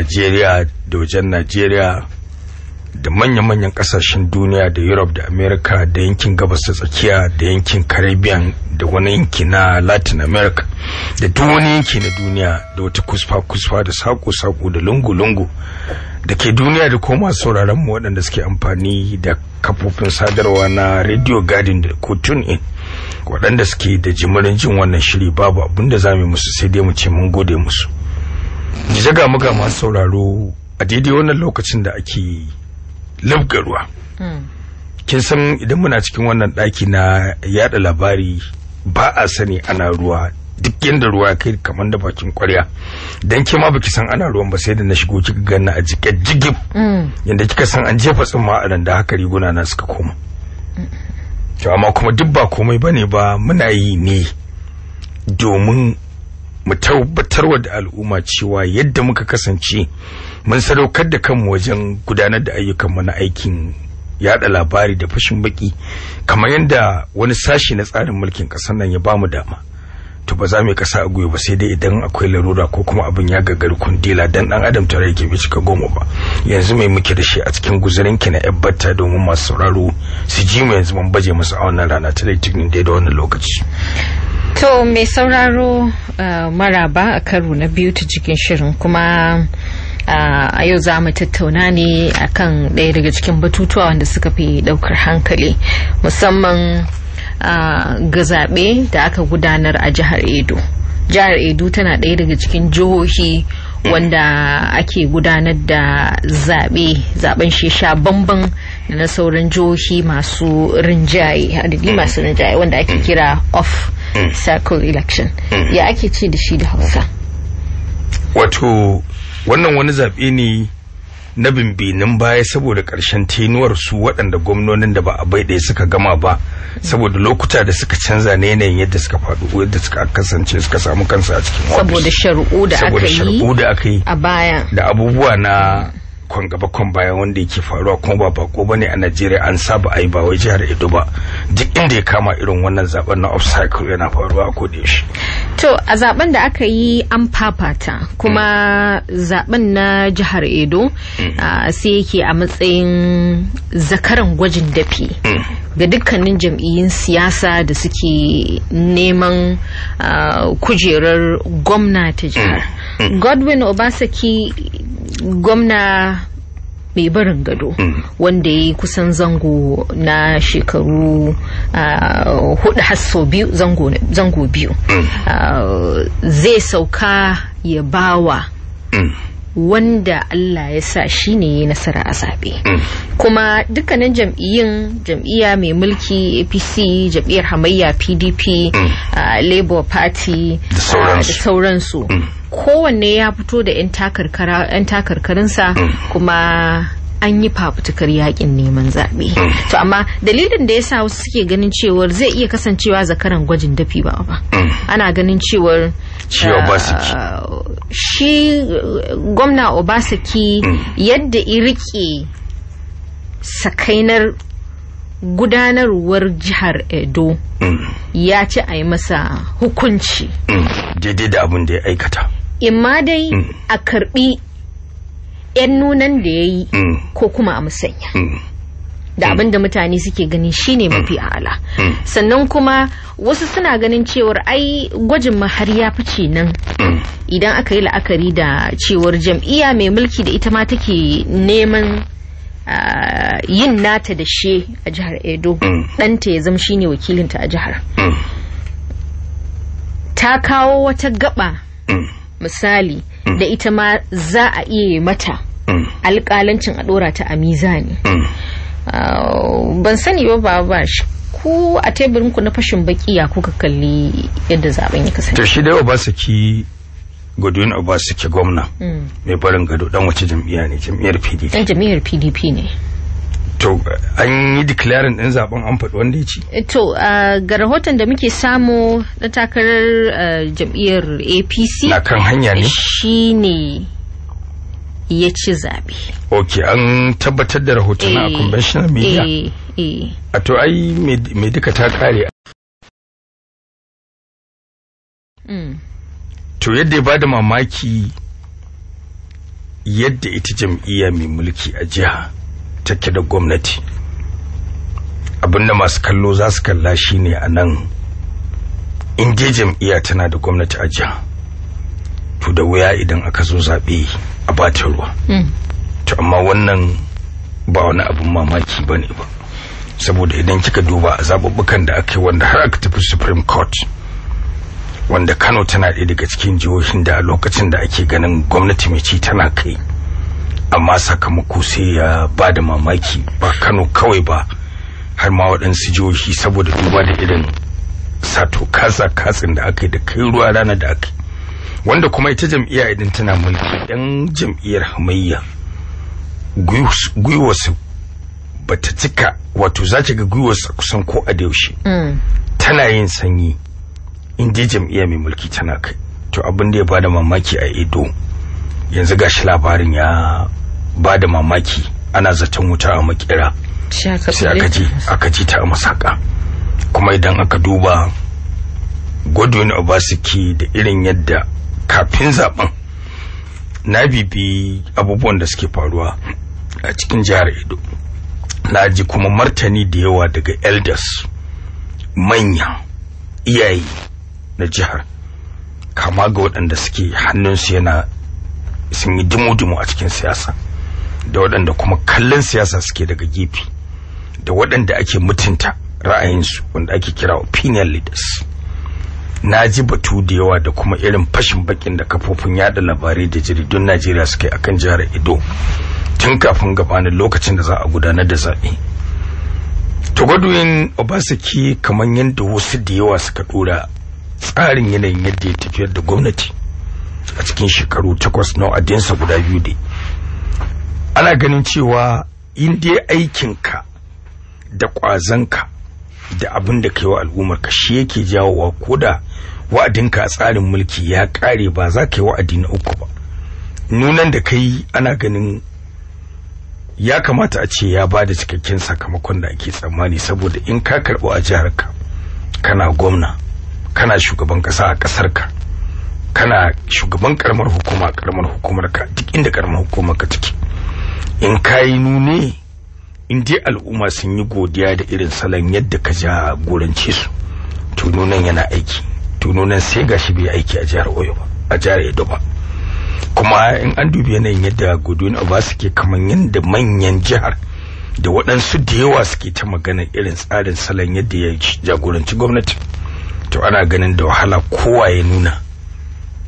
najeriya da wajen najeriya da manya-manyan kasashen duniya da europe da america da yankin gabas ta tsakiya da yankin caribbean da wani yanki na latin america da duk wani yanki na duniya da wata kusfa-kusfa da sako saƙo da lungu-lungu da ke duniya da koma sauraron mu waɗanda suke amfani da kafofin sadarwa na radio garden da ko tune in waɗanda suke da jimirin jin wannan shiri babu abinda za mu musu sai dai mu ce mun gode musu jijaga muga masu sauraro a daidai wannan lokacin da ake labga ruwa hmm. kin san idan muna cikin wannan ɗaki na yada labari ba a sani ana ruwa duk yadda ruwa ya kai kamar da bakin kwarya dan ke ma baki san ana ruwan ba sai da na shigo kika ganna a jikin jigib hmm. yanda kika san an jefa tsumma a nan da haka riguna na suka koma to amma kuma duk ba komai bane ba muna yi ne domin mu tabbatarwa da al'umma cewa yadda muka kasance mun sadaukar da kanmu wajen gudanar da ayyukanmu na aikin yada labari da fashin baki kamar yadda wani sashi na tsarin mulkin kasar nan ya bamu dama to ba za mu kasa a gwiwa ba sai dai idan akwai larura ko kuma abin ya gagari kundila dan dan adam tare yake bai cika goma ba yanzu mai muke da shi a cikin guzurin ki na yabbata domin masu sauraro su ji mu yanzu mun baje musu a wannan rana ta da da wannan lokaci To mai sauraro eh, maraba a karo na biyu ta cikin shirin kuma eh, a yau za mu tattauna ne akan ɗaya daga cikin batutuwa wanda suka fi ɗaukar hankali musamman eh, ga zaɓe da aka gudanar a jihar Edo. Jihar Edo tana ɗaya daga cikin jihohi wanda ake gudanar da zaɓe zaɓen shi sha bamban na sauran jihohi masu rinjaye masu rinjaye wanda ake kira off Mm. circle election mm. ya ake ce da shi da hausa wato wannan wani zaɓe ne na bimbinin baya saboda ƙarshen tenuwar su waɗanda gwamnonin da ba a bai ɗaya suka gama ba saboda lokuta da suka canza ne yanayin yadda suka faɗo yadda suka kasance suka samu kansu a cikin saboda shari'u da aka yi a baya da abubuwa na kwan gaba kwan baya wanda yake faruwa kuma ba bako bane a Najeriya an saba ai ba wai jihar Edo ba duk inda ya kama irin wannan zaben na cycle yana faruwa a da yaushe to a zaben da aka yi an fafata kuma zaben na jihar Edo mm-hmm. ah, sai yake a matsayin zakaran gwajin dafi mm-hmm. ga dukkanin jam'iyyun siyasa da suke neman ah, kujerar gwamna ta jihar mm-hmm. Godwin Obasaki gwamna mai barin gado mm. wanda ya yi kusan zango na shekaru ah, hudu hasso biyu zango biyu mm. ah, zai sauka ya bawa mm. wanda Allah ya sa shi ne ya nasara a zaɓe. Kuma dukkanin jam'iyyun jam'iyya mai mulki APC, jam'iyyar hamayya PDP, ah, Labour Party da sauransu kowanne ya fito da 'yan takarkarinsa mm. kuma an yi fafutukar yakin neman zaɓe. Mm. To amma dalilin da ya sa wasu suke ganin cewar zai iya kasancewa zakaran gwajin dafi ba ba. Mm. Ana ganin cewar shi uh, uh, gwamna Obasaki yadda irike sakainar gudanarwar jihar Edo ya ci a yi masa hukunci. Daidai da abin da ya aikata. imma dai mm. a karbi yan nunan da ya yi mm. ko kuma a musanya mm. da abin da mutane suke gani shine mafi ala sannan kuma wasu suna ganin cewar ai gwajin ma har ya fice nan idan aka yi la'akari da cewar jam'iyya mai mulki da ita ma take neman yin nata da she a jihar edo ɗanta ya zama shine wakilinta a jihar ta kawo wata gaba misali mm. da ita ma za a iya yi mata mm. alƙalancin a ɗora ta a mizani mm. uh, ban sani ba ba ba ku a teburinku na fashin baki ya kuka kalli yadda zaben ya kasance to shi dai obasaki godwin obasaki gwamna mai barin gado dan wace jam'iyya ne jam'iyyar pdp dan jam'iyyar pdp ne to an yi declaring din zaben an faɗi wanda ya ci eh, to ga rahoton da muke samu na takarar eh, jam'iyyar apc na kan hanya ne shine ya ci zaɓe ok an tabbatar da rahoton a eh, conventional media a to ai mai duka ta kare mm. to yadda ya bada mamaki yadda ita jam'iyya mai mulki a jiha take da gwamnati abinda masu kallo za su kalla shine a nan in je jam'iyya tana da gwamnati a jiha to da wuya idan aka zo zaɓe a bata ruwa hmm. to amma wannan ba wani abin mamaki ba ne ba saboda idan kika duba a zaɓuɓɓukan da aka yi wanda har aka tafi supreme court wanda kano tana ɗaya daga cikin jihohin da a lokacin da ake ganin gwamnati mai ci tana kai amma sakamako sai ya ba da mamaki ba kano kawai ba har ma waɗansu jihohi saboda duba da irin sato kasa kasin da aka yi da kai ruwa rana da aka wanda kuma ita jam'iyya idan tana mulki yan jam'iyyar hamayya gwiwarsu ba ta cika wato za ga gwiwarsu kusan ko a yaushe mm. tana yin sanyi in je jam'iyya mai mulki tana kai to abin da ya bada mamaki a edo yanzu gashi labarin ya ba da mamaki ana zaton wuta a makera sai aka ji ta a masaka kuma idan aka duba godwin obasiki da irin yadda kafin zaben na bibi abubuwan da suke faruwa a cikin jihar edo na ji kuma martani da yawa daga elders manya iyaye na jihar kama ga waɗanda suke hannunsu yana sun yi dumu-dumu a cikin siyasa da waɗanda kuma kallon siyasa suke daga gefe da waɗanda ake mutunta ra'ayinsu wanda ake kira opinion leaders na ji batu da yawa da kuma irin fashin bakin da kafofin yada labarai da jaridun najeriya suka yi akan jihar edo tun kafin gabanin lokacin da za a gudanar da zaɓe tagwadoyin obasaki kamar yadda wasu da yawa suka dora tsarin yanayin yadda ya tafiyar da gwamnati a cikin shekaru takwas na adinsa guda biyu da ana ganin cewa in dai aikinka da ƙwazonka da abin da kai wa al'ummar ka shi yake jawowa ko da wa'adinka a tsarin mulki ya kare ba za ka yi wa'adi na uku ba nunan da kai ana ganin ya kamata a ce ya bada cikakken sakamakon da ake tsammani saboda in ka karɓi a jihar ka. kana gwamna kana shugaban ƙasa a ƙasarka kana shugaban ƙaramar hukuma ƙaramar hukumarka duk inda ƙaramar hukumarka take in kayi nune in je al'umma sun yi godiya da irin salon yadda ka ja gorance su tunonan yana aiki tunonan sai gashi bai aiki a jihar Oyo ba a jihar Edo ba kuma in an dubi yanayin yadda Godwin Aba suke kaman yadda manyan jihar da waɗansu da yawa suke ta magana irin tsarin salon yadda ya jagoranci gwamnati to ana ganin da wahala kowa ya nuna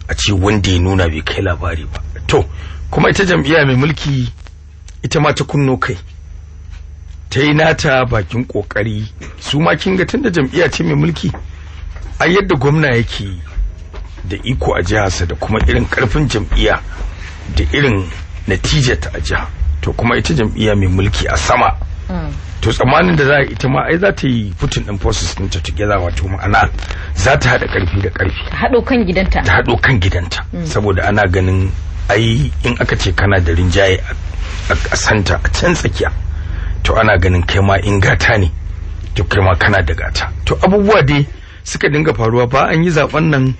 a ce wanda ya nuna bai kai labari ba to kuma ita jam'iyya mai mulki ita ma ta kunno kai ta yi nata bakin kokari su ma kin ga tunda jam'iyya ce mai mulki a yadda gwamna yake da iko a jiharsa da kuma irin karfin jam'iyya da irin natijata a jiha to kuma ita jam'iyya mai mulki a sama to tsamanin da za a ita ma ai za ta yi putin din forces din ta together wato ma'ana za ta haɗa ƙarfi da ƙarfi haɗo kan gidanta ta haɗo kan gidanta mm. saboda ana ganin ai in aka ce kana da rinjaye a santa a can tsakiya to ana ganin kai ma in gata ne to kai ma kana da gata to abubuwa dai suka dinga faruwa ba an yi zaben nan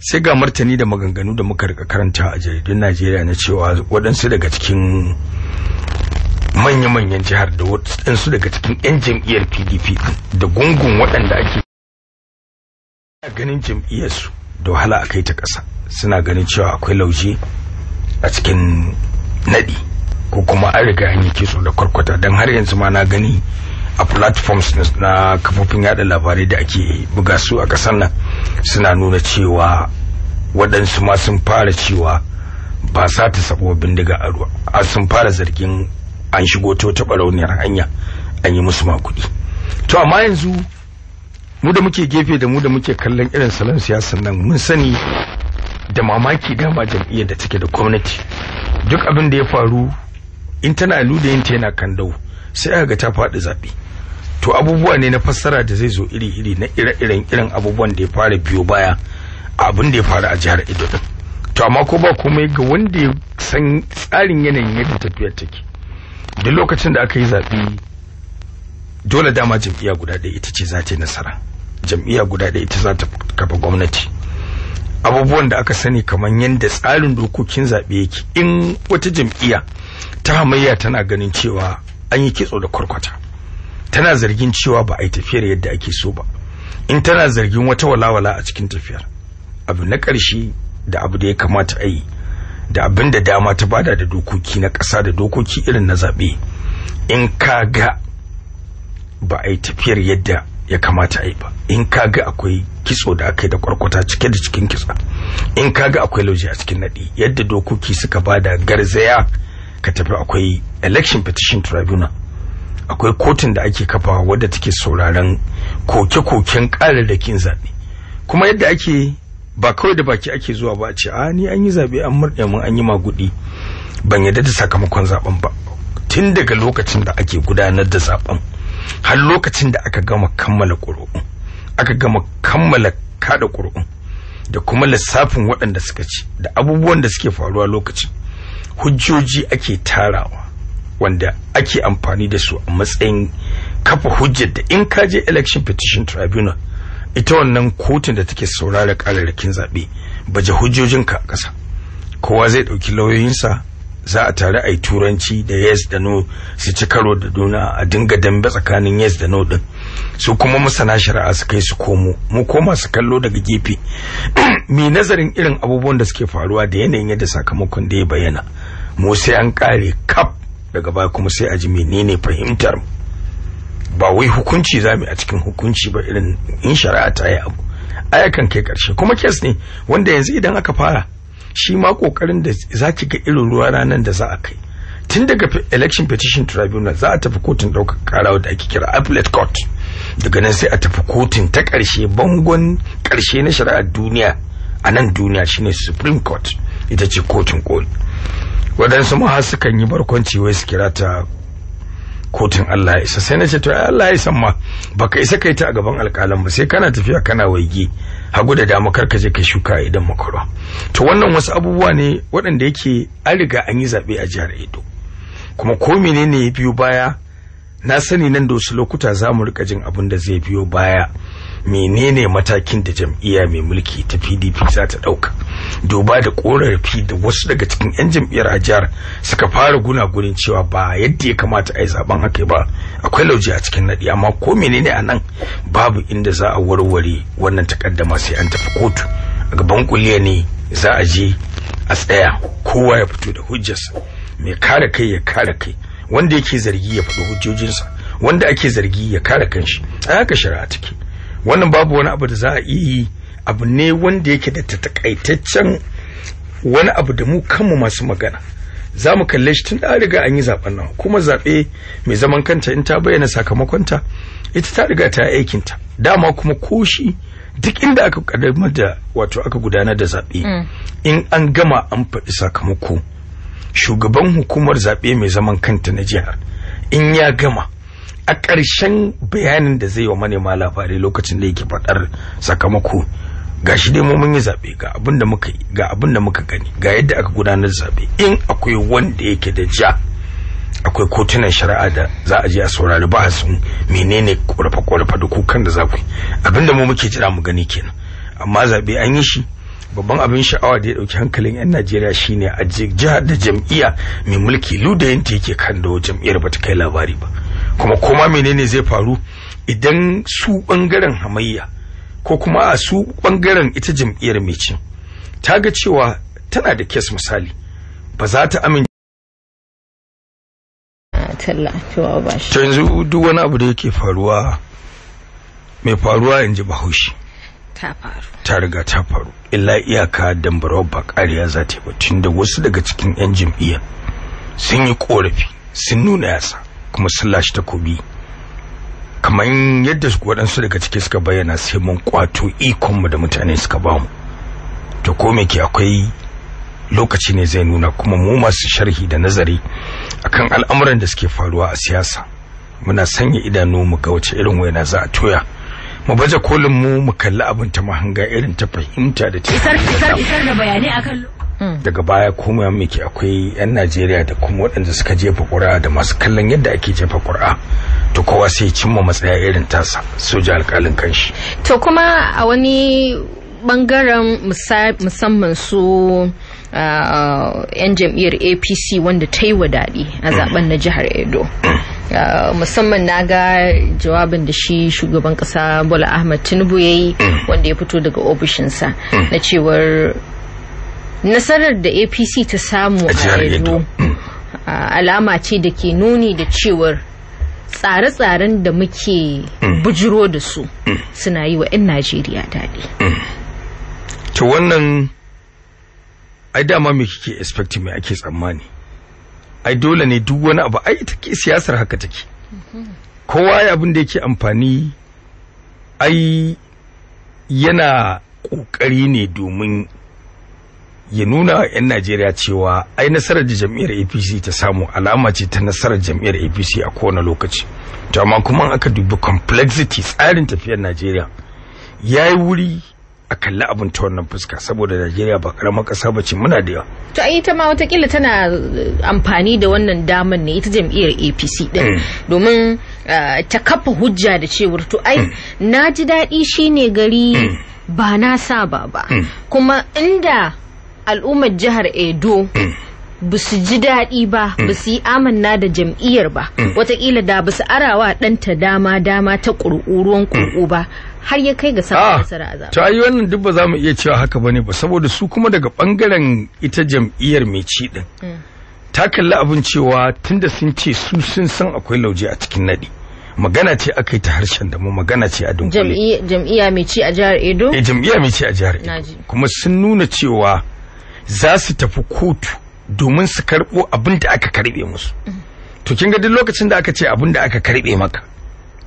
sai ga martani da maganganu da muka rika karanta a jaridun Najeriya na cewa waɗansu daga cikin manya-manyan jihar da waɗansu daga cikin 'yan jam'iyyar PDP da gungun waɗanda ake ganin jam'iyyarsu da wahala a kai ta ƙasa suna ganin cewa akwai lauje a cikin naɗi ko kuma an riga an yi kitso da kwarkwata don har yanzu ma na gani a platforms na kafofin yada labarai da ake buga su a kasar nan suna nuna cewa waɗansu ma sun fara cewa ba sa ta sabo bindiga a ruwa a sun fara zargin an shigo ta wata barauniyar hanya an yi musu makudi to amma yanzu mu da muke gefe da mu da muke kallon irin salon siyasan nan mun sani da mamaki dama jam'iyyar da take da gwamnati duk abin da ya faru in tana ta yana kan dau sai aka ga ta faɗi zaɓe to abubuwa ne na fassara da zai zo iri-iri na ire-iren irin abubuwan da ya fara biyo baya abin da ya faru a jihar ido. to amma ko ba komai ga wanda ya san tsarin yanayin yadda tafiyar take duk lokacin da aka yi zaɓe dole dama jam'iyya guda ɗaya ita ce za ta yi nasara jam'iyya guda ɗaya ita za ta kafa gwamnati abubuwan da aka sani kamar yadda tsarin dokokin zaɓe yake in wata jam'iyya ta hamayya tana ganin cewa an yi kitso da kwarkwata tana zargin cewa ba a yi tafiyar yadda ake so ba in tana zargin wata walawala a cikin tafiyar abu na ƙarshe da abu da ya kamata a yi da abin da dama ta bada da dokoki na ƙasa da dokoki irin na zaɓe in ka ga ba a yi tafiyar yadda ya kamata a yi ba in kaga akwai kitso da aka yi da kwarkwata cike da cikin kitsa in kaga akwai lauje a cikin naɗi yadda dokoki suka ba da garzaya ka tafi akwai election petition tribunal akwai kotun da ake kafawa wadda take sauraron koke-koken da kin zaɓe kuma yadda ake ba kawai da baki ake zuwa ba a ce a ah, ni an yi zaɓe an murɗe mun an yi magudi ban yadda da sakamakon zaɓen ba tun daga lokacin da ake gudanar da zaɓen har lokacin da aka gama kammala ƙuri'u aka gama kammala kada ƙuri'u da kuma lissafin waɗanda suka ci da abubuwan da suke faruwa lokacin hujjoji ake tarawa wanda ake amfani da su a matsayin kafa hujjar da in ka je election petition tribunal ita wannan kotun da take saurara kararrakin zaɓe baje hujjojinka a ƙasa kowa zai ɗauki lauyoyinsa za a tare a yi turanci da yes da no su ci karo da duna a dinga dambe tsakanin yes da no din su kuma masana shari'a su kai su komo mu koma su kallo daga gefe mai nazarin irin abubuwan da suke faruwa da yanayin yadda sakamakon da ya bayyana mu sai an kare kaf daga baya kuma sai a ji menene fahimtar mu ba wai hukunci za mu a cikin hukunci ba irin in shari'a ta yi abu ayakan kai karshe kuma kes ne wanda yanzu idan aka fara shi ma kokarin da za ki ga irin ruwa ranar da za a kai tun daga election petition tribunal za a tafi kotun ɗaukar karawa da ake kira appellate court daga nan sai a tafi kotun ta ƙarshe bangon ƙarshe na shari'ar duniya a nan duniya shine supreme court ita ce kotun koli waɗansu ma sukan yi barkwanci wai su kira ta kotun Allah ya isa sai na ce to Allah ya isa ma baka isa kai ta a gaban alƙalan ba sai kana tafiya kana waige hagu da dama ka je kai shuka idan makarwa to wannan wasu abubuwa ne waɗanda yake an riga an yi zaɓe a jihar Edo kuma ko menene ya biyo baya na sani nan da wasu lokuta za mu rika jin abin da zai biyo baya menene matakin da jam'iyya mai mulki ta pdp za ta ɗauka duba da ƙorafi da wasu daga cikin 'yan jam'iyyar a jihar suka fara gurin cewa ba yadda ya kamata a yi zaben haka ba akwai lauje a cikin naɗi amma ko menene a nan babu inda za a warware wannan takaddama sai an tafi kotu a gaban kuliya ne za a je a tsaya kowa ya fito da hujjarsa mai kare kai ya kare kai wanda yake zargi ya faɗi hujjojinsa wanda ake zargi ya kare kanshi a haka shari'a take wannan babu wani abu da za a yi abu ne wanda yake da takaitaccen wani abu da mu kanmu masu magana za mu kalle shi tun da riga an yi zaben nan kuma zaɓe mai zaman kanta in ta bayyana sakamakonta ita ta riga ta aikinta dama kuma koshi duk inda aka kaddamar da wato aka gudanar da zaɓe mm. in an gama an faɗi sakamako shugaban hukumar zaɓe mai zaman kanta na jihar in ya gama a ƙarshen bayanin da zai wa manema labarai lokacin da yake faɗar sakamako ga shi dai mun yi zaɓe ga abin da muka yi ga abin da muka gani ga yadda aka gudanar zaɓe in akwai wanda yake da ja akwai kotunan shari'a da za a je a saurari bahasin menene ƙorafa ƙorafa da kukan da za ku yi abin da mu muke jira mu gani kenan amma zaɓe an yi shi babban abin sha'awa da ya ɗauki hankalin 'yan najeriya shine a jihar da jam'iyya mai mulki ludayinta yake kan da jam'iyyar ba ta kai labari ba kuma koma menene zai faru idan su bangaren hamayya ko kuma a su bangaren ita jam'iyyar mai ta ga cewa tana da kes misali ba za ta amince ta yanzu duk wani abu da yake faruwa mai faruwa in ji bahaushe ta faru ta riga ta faru illa iyaka dambarau ba kariya za ta yi ba tun da wasu daga cikin 'yan jam'iyyar sun yi korafi sun nuna yasa kuma sun lashe takobi kamar yadda waɗansu daga ciki suka bayyana sai mun kwato ikonmu da mutane suka ba mu to ko me ke akwai lokaci ne zai nuna kuma mu masu sharhi da nazari akan al'amuran da suke faruwa a siyasa muna sanya idanu mu ga wace irin waina za a toya mu baje kolin mu mu kalli abin ta mahanga irin ta fahimta da ta isar da bayanai akan Mm. daga baya kuma muke akwai 'yan najeriya da kuma waɗanda suka jefa ƙura da masu kallon yadda ake jefa ƙura to kowa sai cimma matsaya irin tasa soja alƙalin kanshi to kuma a wani bangaren musamman su yan uh, uh, jam'iyyar apc wanda ta yi wadaɗi a mm. zaben na jihar edo mm. uh, musamman na ga jawabin da shi shugaban kasa bola ahmad tinubu ya yi wanda ya fito daga ofishinsa na cewar nasarar da apc ta samu a edo alama ce da ke nuni da cewar tsare-tsaren da muke mm. bujiro da su mm. suna yi wa 'yan najeriya daɗi mm. to wannan ai dama me kike expect me ake tsammani ai dole ne duk wani abu ai take siyasar haka take kowa ya abin da yake amfani ai yana ƙoƙari ne domin ya nuna wa 'yan Najeriya cewa ai nasarar da jam'iyyar APC ta samu alama ce ta nasarar jam'iyyar APC a kowane lokaci. To amma kuma aka dubi complexity tsarin tafiyar Najeriya ya yi wuri a kalli abin ta wannan fuska saboda Najeriya ba karamar ƙasa ba ce muna da yawa. To ai ita ma watakila tana eh, amfani da wannan damar ne ita jam'iyyar APC din mm. domin eh, ta kafa hujja da cewar to ai mm. na ji daɗi shine gari mm. ba na saba ba kuma inda al'ummar jihar edo ba su ji daɗi ba ba su yi amanna da jam'iyyar ba watakila da ba su arawa ɗanta dama dama ta ƙurƙu ruwan ba har ya kai ga samun ah, nasara a zaɓen. ta yi wannan duk ba za mu iya cewa haka bane ba saboda su kuma daga ɓangaren ita jam'iyyar mai ci ɗin hmm. ta kalli abin cewa da sun ce su sun san akwai lauje a cikin naɗi magana ce aka yi ta harshen da mu magana ce a dunkule jam'iyya mai ci a jihar edo eh jam'iyya mai ci a jihar edo kuma sun nuna cewa za su tafi kotu domin su karɓo abin da aka karɓe musu to kin ga duk lokacin da aka ce abin da aka karɓe maka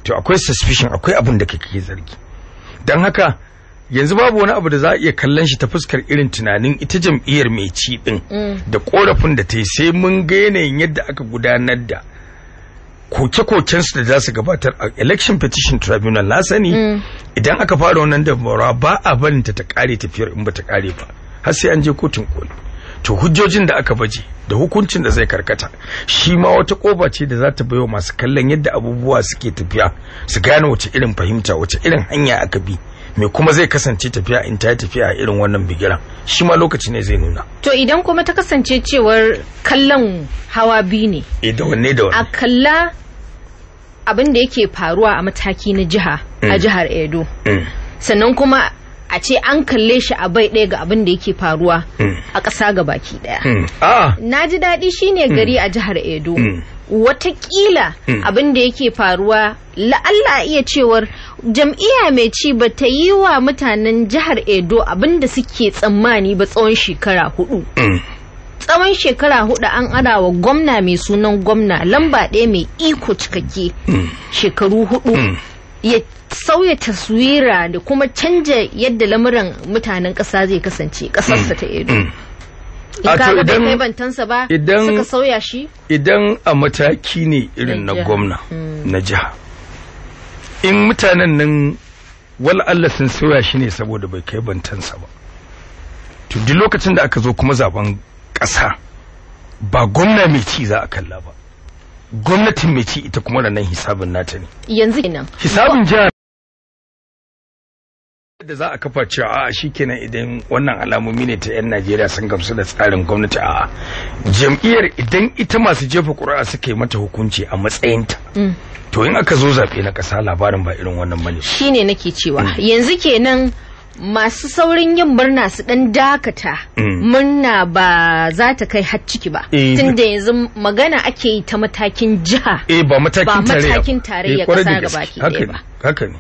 to akwai suspicion akwai abin da kake zargi dan haka yanzu babu wani abu da za a iya kallon shi ta fuskar irin tunanin ita jam'iyyar mai ci din mm. da korafin da ta yi sai mun ga yanayin yadda aka gudanar da koke koken su da za su gabatar a election petition tribunal na sani mm. idan aka fara wannan dabara ba a barinta ta kare tafiyar in ba ta kare ba har sai an je kotun koli to hujjojin da aka baje da hukuncin da zai karkata shi ma wata koba ce da za ta bayo masu kallon yadda abubuwa suke tafiya su gane wace irin fahimta wace irin hanya aka bi me kuma zai kasance tafiya in ta yi tafiya a irin wannan bigiran shi ma lokaci ne zai nuna to idan kuma ta kasance cewar kallon hawa biyu ne e a kalla abin da yake faruwa a mataki na jiha a mm. jihar edo mm. sannan kuma a ce an kalle shi a bai ɗaya ga abin da yake faruwa hmm. a ƙasa ga baki ɗaya. Hmm. Ah. Na ji daɗi shine hmm. gari a jihar Edo. Watakila abin da yake faruwa la'alla iya cewar jam'iyya mai ci ba ta yi wa mutanen jihar Edo abin da suke tsammani ba tsawon shekara hudu. tsawon shekara hudu an ara wa gwamna mai sunan gwamna lamba ɗaya mai iko cikakke shekaru hudu ya sauya taswira da kuma canja yadda lamuran mutanen ƙasa zai kasance ƙasarsa ta edo mm. mm. idan bai kai bantansa ba suka sauya shi idan a mataki ne irin na gwamna mm. na jiha in mutanen nan wal Allah sun sauya shi ne saboda bai kai bantansa ba to duk lokacin da aka zo kuma zaben ƙasa ba gwamna mai ci za a kalla ba gwamnatin mai ci ita kuma nan hisabin nata ne yanzu kenan hisabin jihar da za a kafa cewa a'a shi kenan idan wannan alamomi ne ta 'yan najeriya sun gamsu da tsarin gwamnati a'a jam'iyyar idan ita masu jefa ƙuri'a suka yi mata hukunci a matsayinta mm. to in aka zo zaɓe na ƙasa labarin ba irin wannan bane shine nake cewa mm. yanzu kenan masu saurin yin murna su dan dakata mm. murna ba za ta kai har ciki ba eh, tun da yanzu magana ake yi ta matakin jiha eh, ba matakin tarayya eh, kasa gabaki ɗaya ba haka ne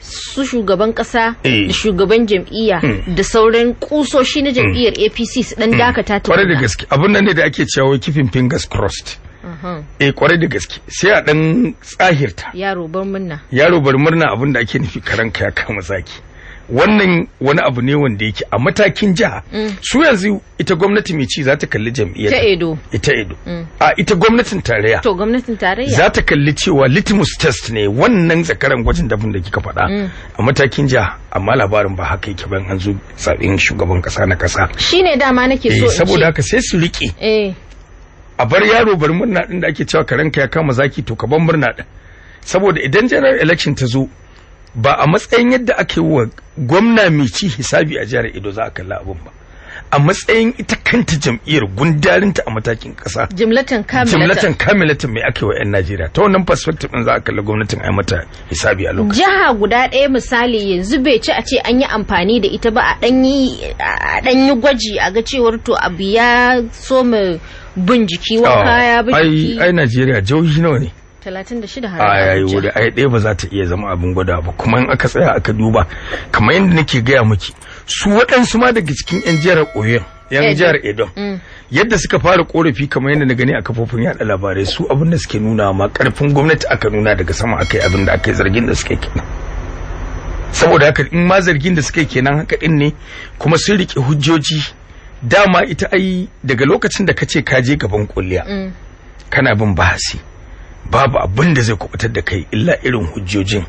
su shugaban kasa da shugaban jam'iyya mm. da sauran kusoshi na jam'iyyar mm. apc su dan dakata ta kwarai da gaske abun nan ne da ake cewa kifin fingers crossed uh-huh. eh kwarai da gaske sai a dan tsahirta yaro bar murna yaro bar murna abin da ake nufi karanka ya kama zaki wannan wani abu ne wanda yake a matakin jiha mm. su yanzu ita gwamnati mai ci za ta kalli jam'iyyar Ta edo ita edo mm. a ita gwamnatin tarayya to gwamnatin tarayya za ta kalli cewa litmus test ne wannan zakaran gwajin dabin da kika faɗa mm. a matakin jiha amma labarin ba haka yake ban an zo zaɓen shugaban kasa na kasa shine dama nake so eh, saboda haka sai su riƙe eh. a bar yaro bari murna din da ake cewa karanka ya kama zaki to ka bar murna din saboda idan general election ta zo ba a matsayin yadda ake wa gwamna mai ci hisabi a jihar Edo za a kalla abun ba a matsayin ita kanta jam'iyyar gundarinta a matakin kasa jimlatan kamilatan mai ake wa 'yan najeriya ta wannan perspective din za a kalli gwamnatin ai mata hisabi a lokacin jiha guda ɗaya misali yanzu bai ci a ce an yi amfani da ita ba a ɗan yi gwaji a ga cewar to abu ya so mu bin jiki wa kaya ah, bin jiki ai najeriya jihohi nawa ne 36 har a yayi wuri ai ɗaya ba za ta iya zama abin gwada ba kuma in aka tsaya aka duba kamar yadda nake gaya miki su waɗansu ma daga cikin 'yan jihar oyo yan jihar edo mm. yadda suka fara korafi kamar yadda na gani a kafofin yada labarai su abin da suke nuna ma karfin gwamnati aka nuna daga sama akai abin da akai zargin da suke kenan saboda haka in ma zargin da suke kenan haka din ne kuma sun rike hujjoji dama ita ai daga lokacin da kace ka je gaban kulliya mm. kana bin bahasi babu abin da zai kubutar da kai illa irin hujjojin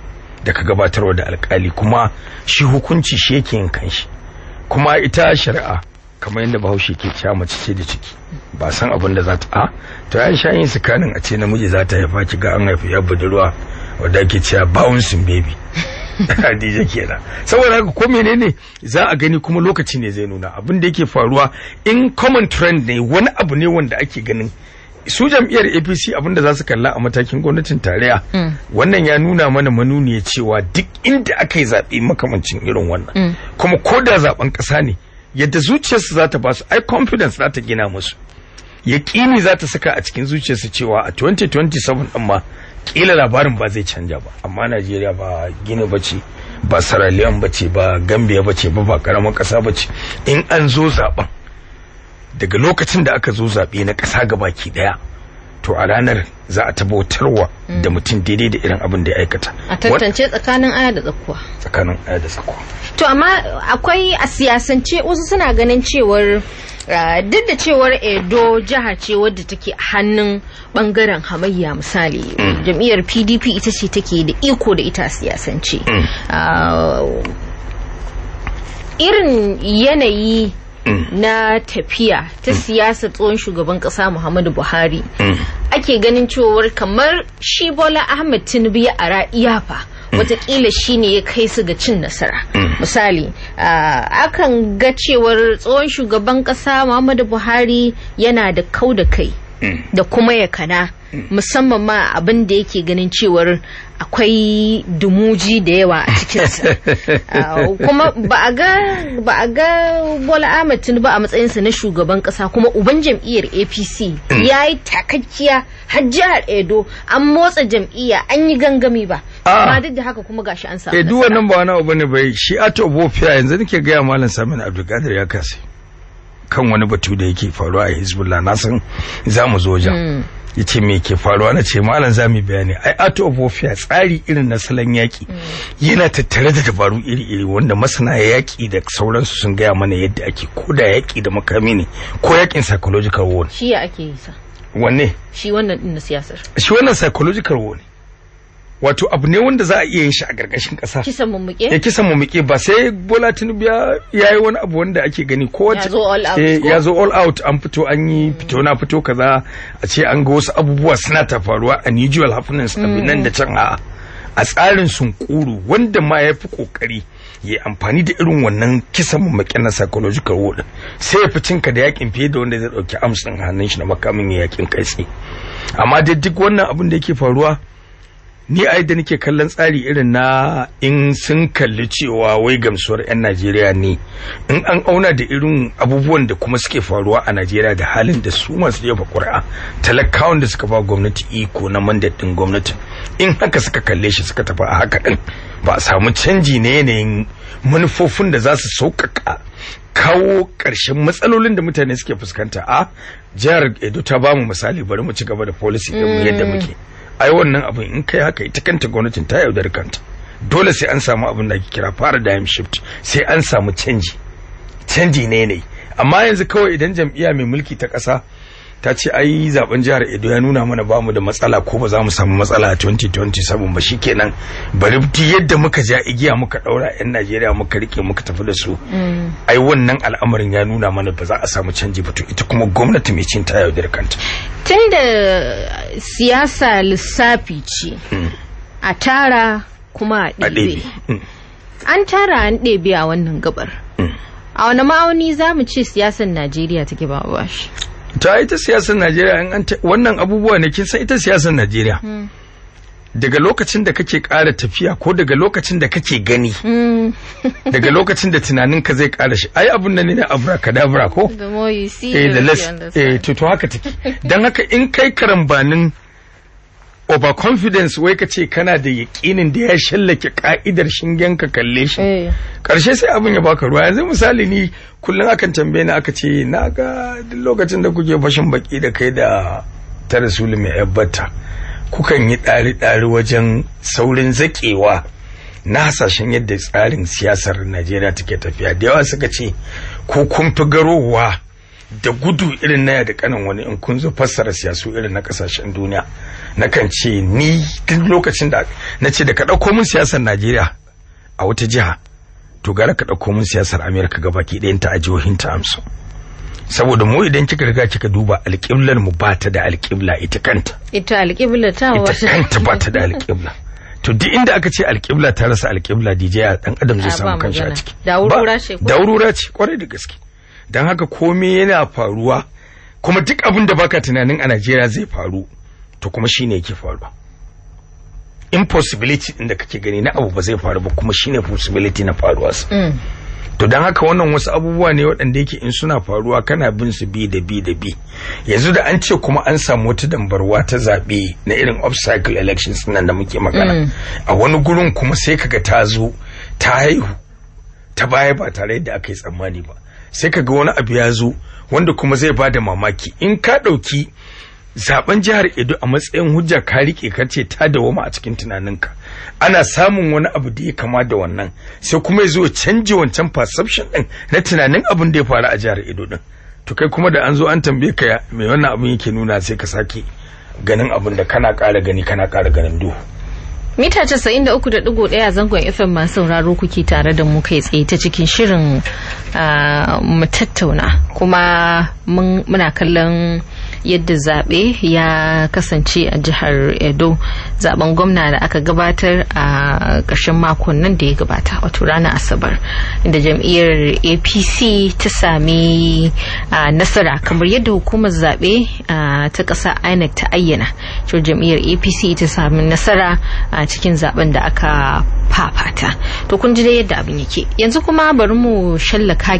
da ka gabatarwa da alkali kuma shi hukunci shi yake yin kanshi kuma ita shari'a kamar yadda bahaushe ke cewa mace ce da ciki ba san abin da za ta a to ya sha yin sakanin a ce namiji za ta haifa ki ga an haifi ya budurwa wadda ake cewa bouncing baby Khadija kenan saboda haka ko menene za a gani kuma lokaci ne zai nuna abin da yake faruwa in common trend ne wani abu ne wanda ake ganin su jam'iyyar apc abinda za su kalla a matakin gwamnatin tarayya hmm. wannan ya nuna mana manuniya cewa duk inda aka yi zaɓe makamancin irin wannan hmm. kuma ko da zaɓen ƙasa ne yadda zuciyarsu za ta ba su ai confidence za ta gina musu yaƙini za ta saka a cikin zuciyarsu cewa a 2027 ɗin ma ƙila labarin ba zai canja ba amma najeriya ba gini ba ce ba sierra ba ce ba gambia ba ce ba ba ƙasa ba ce in an zo zaɓen daga lokacin da aka zo zaɓe na ƙasa ki ɗaya to a ranar za a tabbatarwa mm. da mutum daidai da irin abin da ya aikata a tantance tsakanin aya da tsakuwa tsakanin aya da tsakuwa to amma akwai a siyasance wasu suna ganin cewar uh, duk da cewar edo jiha ce wadda take a hannun bangaren hamayya misali mm. jam'iyyar pdp ita ce take da iko da ita a siyasance mm. uh, irin yanayi na tafiya ta mm. siyasa tsohon shugaban kasa muhammadu buhari mm. ake ganin cewar kamar shi bola ahmed tinubu ya ara iyafa mm. watakila shi ne ya kai su ga cin nasara misali akan ga cewar tsohon shugaban kasa muhammadu buhari yana da kau da kai da kuma ya kana musamman ma abin da yake ganin cewar akwai dumuji da yawa a cikinsa ah, kuma ba a ga bola ahmed tinubu a matsayinsa na shugaban kasa kuma uban jam'iyyar apc mm. ya yi takakkiya har jihar edo an motsa jam'iyya an yi gangami ba ah. amma duk da haka kuma gashi an samu edo eh, wannan ba wani abu ne bai shi a bofiya yanzu nake gaya malam samin abdulkadir ya kan wani batu da yake faruwa a hezbollah na san za mu zo wajen mm. ya ce me ke faruwa na ce malam za mu bayani ai art of warfare tsari irin na salon yaƙi mm. yana tattare da dabaru iri-iri wanda masana yaƙi da sauransu sun gaya mana yadda ake ko da yaƙi da makami ne ko yaƙin psychological war shi ya ake yi sa wanne shi wannan din na siyasar shi wannan psychological war ne wato abu ne wanda za a iya yin shi a gargashin ƙasa kisan mummuke ya kisan mummuke ba sai bola tinubu ya yi wani abu wanda ake gani eh, ko ya zo all out an fito an yi fito na fito kaza a ce an ga wasu abubuwa suna ta faruwa unusual happenings a nan da mm. can a a tsarin sunkuru wanda ma ya fi kokari ya amfani da irin wannan kisan mummuke na psychological ward sai ya fi cinka da yakin fiye da wanda zai dauki amsin hannun shi na makamin yakin kai amma dai duk wannan abin da yake faruwa ni a yadda nake kallon tsari irin na in sun kalli cewa wai gamsuwar 'yan najeriya ne in an auna da irin abubuwan da kuma suke faruwa a najeriya da halin da su masu yaba ƙuri'a talakawan da suka ba gwamnati iko na mandatin gwamnati in haka suka kalle shi suka tafi a haka din ba a samu canji na yanayin manufofin da za su sauƙaƙa kawo ƙarshen matsalolin da mutane suke fuskanta a jihar edo ta bamu misali bari mu ci gaba da policy mu yadda muke ai wannan abin in kai haka ita kanta gwamnatin ta yaudar kanta dole sai an samu abin da ake kira paradigm shift sai an samu canji canji ne ne amma yanzu kawai idan jam'iyya mai mulki ta ƙasa ta ce ai zaben jihar edo ya nuna mana bamu da matsala ko ba za mu samu matsala a 2020 sabon ba shikenan bari yadda muka ja igiya muka daura yan najeriya muka rike muka tafi da su mm. ai wannan al'amarin ya nuna mana ba za a samu canji ba to ita kuma gwamnati mai cin ta yaudar kanta tun da siyasa lissafi ce mm. a tara kuma a ɗebe mm. an tara an ɗebe a wannan gabar a wani ma'auni za mu ce siyasar najeriya take ba bashi ta ita siyasar najeriya wannan abubuwa ne kin san ita siyasar najeriya hmm. daga lokacin da kake ƙara tafiya ko daga lokacin da kake gani hmm. daga lokacin da ka zai ƙara shi ai abun nan ne na abracadabra ko eh, eh to haka take dan haka in kai karambanin overconfidence wai ka ce kana da yakinin da ya shallake ka'idar shingen ka kalle shi karshe eh. sai abin ya baka ruwa yanzu misali ni kullum akan tambaye ni aka ce na ga duk lokacin da kuke fashin baki da kai da ta rasulu mai yabbata kukan yi ɗari-ɗari wajen saurin zaƙewa na hasashen yadda tsarin siyasar najeriya take tafiya da yawa suka ce ko kun fi garowa da gudu irin na da kanin wani in kun zo fassara siyasu irin na kasashen duniya na kan ce ni duk lokacin da na ce da ka ɗauko siyasar najeriya a wata jiha to gara ka ɗauko min siyasar amerika gabaki ɗayanta a jihohinta amsu saboda mu idan kika riga kika duba alƙiblar mu ba ta da alƙibla ita kanta ita alƙibla ta ita kanta ba ta da alƙibla to duk inda aka ce alƙibla ta rasa alƙibla DJ dan adam zai samu kanshi a ciki da wurura ce kwarai da gaske don haka komai yana faruwa kuma duk abin da baka tunanin a Najeriya zai faru to kuma shine yake faruwa impossibility din da kake gani na abu ba zai faru ba kuma shine possibility na faruwa su mm. to don haka wannan wasu abubuwa ne waɗanda yake in suna faruwa kana bin su bi da bi da bi yanzu da an ce kuma an samu wata dambarwa ta zaɓe na irin off cycle elections nan da muke magana mm. a wani gurin kuma sai kaga ta zo ta haihu ta baya ba tare da aka yi tsammani ba sai ka ga wani abu ya zo wanda kuma zai bada mamaki in ka ɗauki zaben jihar edo a matsayin hujja ka rike ka ce ta dawoma a cikin tunaninka ana samun wani abu da ya kama da wannan sai kuma ya zo canje wancan perception din na tunanin abin da ya faru a jihar edo din to kai kuma da an zo an tambaye ka mai wannan abin yake nuna sai ka sake ganin abin da kana ƙara gani kana ƙara ganin duhu Mita 93.1 zangon FM masu sauraro kuke tare da mu kai tsaye ta cikin shirin ah, mu tattauna kuma muna kallon yadda zaɓe ya kasance a jihar edo zaben gwamna da aka gabatar a ƙarshen makon nan da ya gabata wato ranar asabar inda jam'iyyar apc ta sami nasara kamar yadda hukumar zaɓe ta ƙasa inec ta ayyana to jam'iyyar apc ta sami nasara a cikin zaben da aka fafata to kun ji dai yadda abin yake yanzu kuma bari mu shallaka